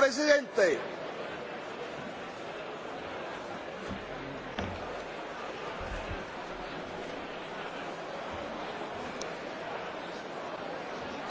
Presidente.